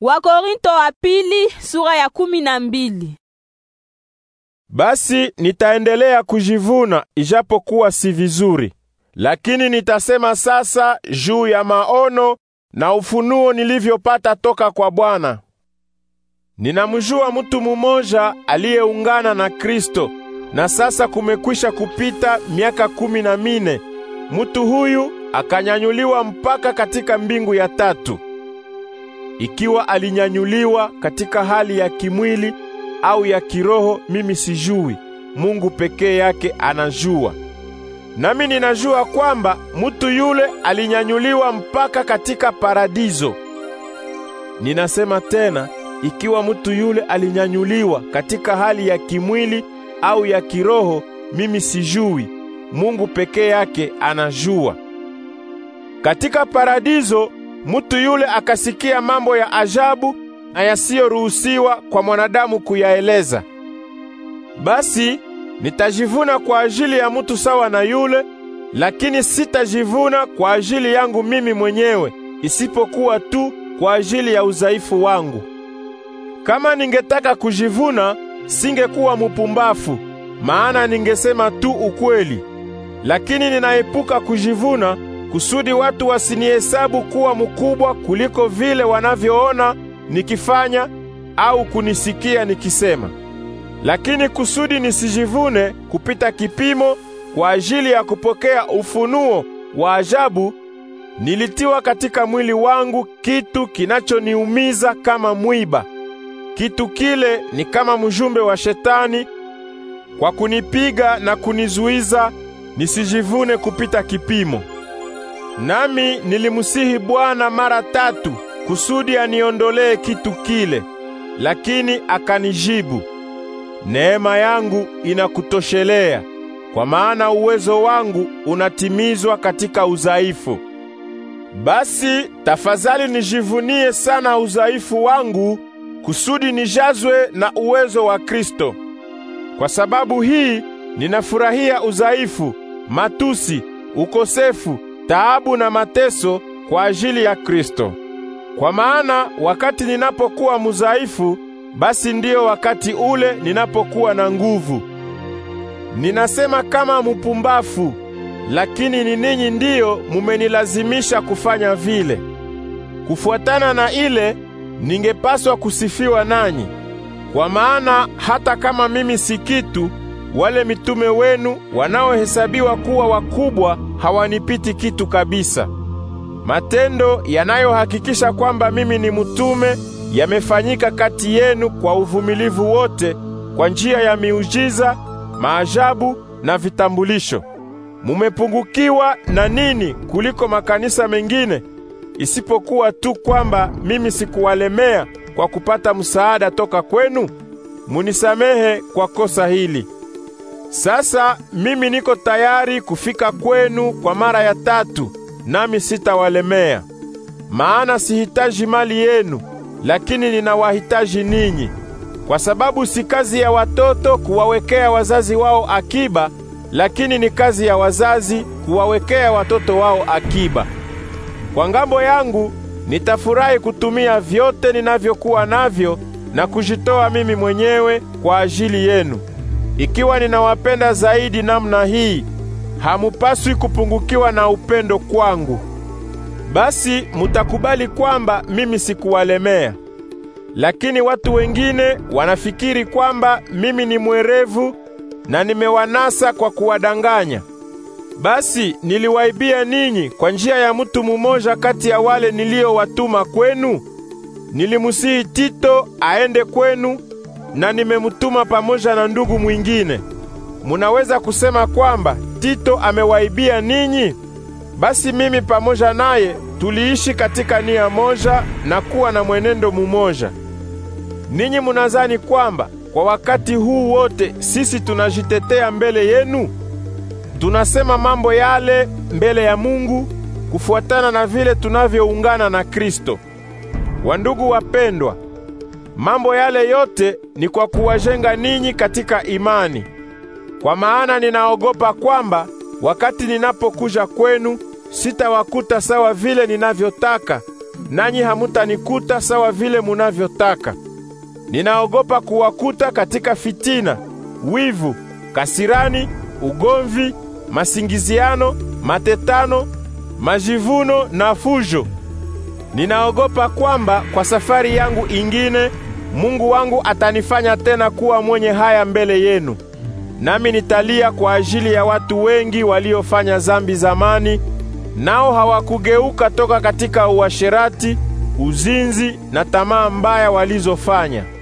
Wakorinto wa pili sura ya kumi na mbili. Basi nitaendelea kujivuna ijapokuwa si vizuri, lakini nitasema sasa juu ya maono na ufunuo nilivyopata toka kwa Bwana. Ninamjua mtu mmoja aliyeungana na Kristo, na sasa kumekwisha kupita miaka kumi na mine. Mtu huyu akanyanyuliwa mpaka katika mbingu ya tatu ikiwa alinyanyuliwa katika hali ya kimwili au ya kiroho, mimi sijui. Mungu pekee yake anajua. Nami ninajua kwamba mtu yule alinyanyuliwa mpaka katika paradizo Ninasema tena, ikiwa mtu yule alinyanyuliwa katika hali ya kimwili au ya kiroho, mimi sijui. Mungu pekee yake anajua. Katika paradizo Mutu yule akasikia mambo ya ajabu na yasiyoruhusiwa kwa mwanadamu kuyaeleza. Basi nitajivuna kwa ajili ya mutu sawa na yule, lakini sitajivuna kwa ajili yangu mimi mwenyewe, isipokuwa tu kwa ajili ya udhaifu wangu. Kama ningetaka kujivuna, singekuwa mupumbafu, maana ningesema tu ukweli. Lakini ninaepuka kujivuna kusudi watu wasinihesabu kuwa mkubwa kuliko vile wanavyoona nikifanya au kunisikia nikisema, lakini kusudi nisijivune kupita kipimo kwa ajili ya kupokea ufunuo wa ajabu, nilitiwa katika mwili wangu kitu kinachoniumiza kama mwiba. Kitu kile ni kama mjumbe wa Shetani kwa kunipiga na kunizuiza nisijivune kupita kipimo. Nami nilimusihi Bwana mara tatu kusudi aniondolee kitu kile, lakini akanijibu, neema yangu inakutoshelea, kwa maana uwezo wangu unatimizwa katika udhaifu. Basi tafadhali nijivunie sana udhaifu wangu kusudi nijazwe na uwezo wa Kristo. Kwa sababu hii ninafurahia udhaifu, matusi, ukosefu taabu na mateso kwa ajili ya Kristo. Kwa maana wakati ninapokuwa muzaifu, basi ndiyo wakati ule ninapokuwa na nguvu. Ninasema kama mupumbafu, lakini ni ninyi ndiyo mumenilazimisha kufanya vile. Kufuatana na ile, ningepaswa kusifiwa nanyi. Kwa maana hata kama mimi si kitu, wale mitume wenu wanaohesabiwa kuwa wakubwa hawanipiti kitu kabisa. Matendo yanayohakikisha kwamba mimi ni mtume yamefanyika kati yenu kwa uvumilivu wote, kwa njia ya miujiza, maajabu na vitambulisho. Mumepungukiwa na nini kuliko makanisa mengine, isipokuwa tu kwamba mimi sikuwalemea kwa kupata msaada toka kwenu? Munisamehe kwa kosa hili. Sasa mimi niko tayari kufika kwenu kwa mara ya tatu, nami sitawalemea. Maana sihitaji mali yenu, lakini ninawahitaji ninyi, kwa sababu si kazi ya watoto kuwawekea wazazi wao akiba, lakini ni kazi ya wazazi kuwawekea watoto wao akiba. Kwa ngambo yangu nitafurahi kutumia vyote ninavyokuwa navyo na kujitoa mimi mwenyewe kwa ajili yenu. Ikiwa ninawapenda zaidi namna hii, hamupaswi kupungukiwa na upendo kwangu. Basi mutakubali kwamba mimi sikuwalemea. Lakini watu wengine wanafikiri kwamba mimi ni mwerevu na nimewanasa kwa kuwadanganya. Basi niliwaibia ninyi kwa njia ya mtu mmoja kati ya wale niliyowatuma kwenu. Nilimusihi Tito aende kwenu na nimemutuma pamoja na ndugu mwingine. Munaweza kusema kwamba Tito amewaibia ninyi? Basi mimi pamoja naye tuliishi katika nia moja na kuwa na mwenendo mumoja. Ninyi munazani kwamba kwa wakati huu wote sisi tunajitetea mbele yenu? Tunasema mambo yale mbele ya Mungu kufuatana na vile tunavyoungana na Kristo. Wandugu wapendwa, Mambo yale yote ni kwa kuwajenga ninyi katika imani. Kwa maana ninaogopa kwamba wakati ninapokuja kwenu sitawakuta sawa vile ninavyotaka, nanyi hamutanikuta sawa vile munavyotaka. Ninaogopa kuwakuta katika fitina, wivu, kasirani, ugomvi, masingiziano, matetano, majivuno na fujo. Ninaogopa kwamba kwa safari yangu ingine Mungu wangu atanifanya tena kuwa mwenye haya mbele yenu, nami nitalia kwa ajili ya watu wengi waliofanya zambi zamani, nao hawakugeuka toka katika uasherati, uzinzi na tamaa mbaya walizofanya.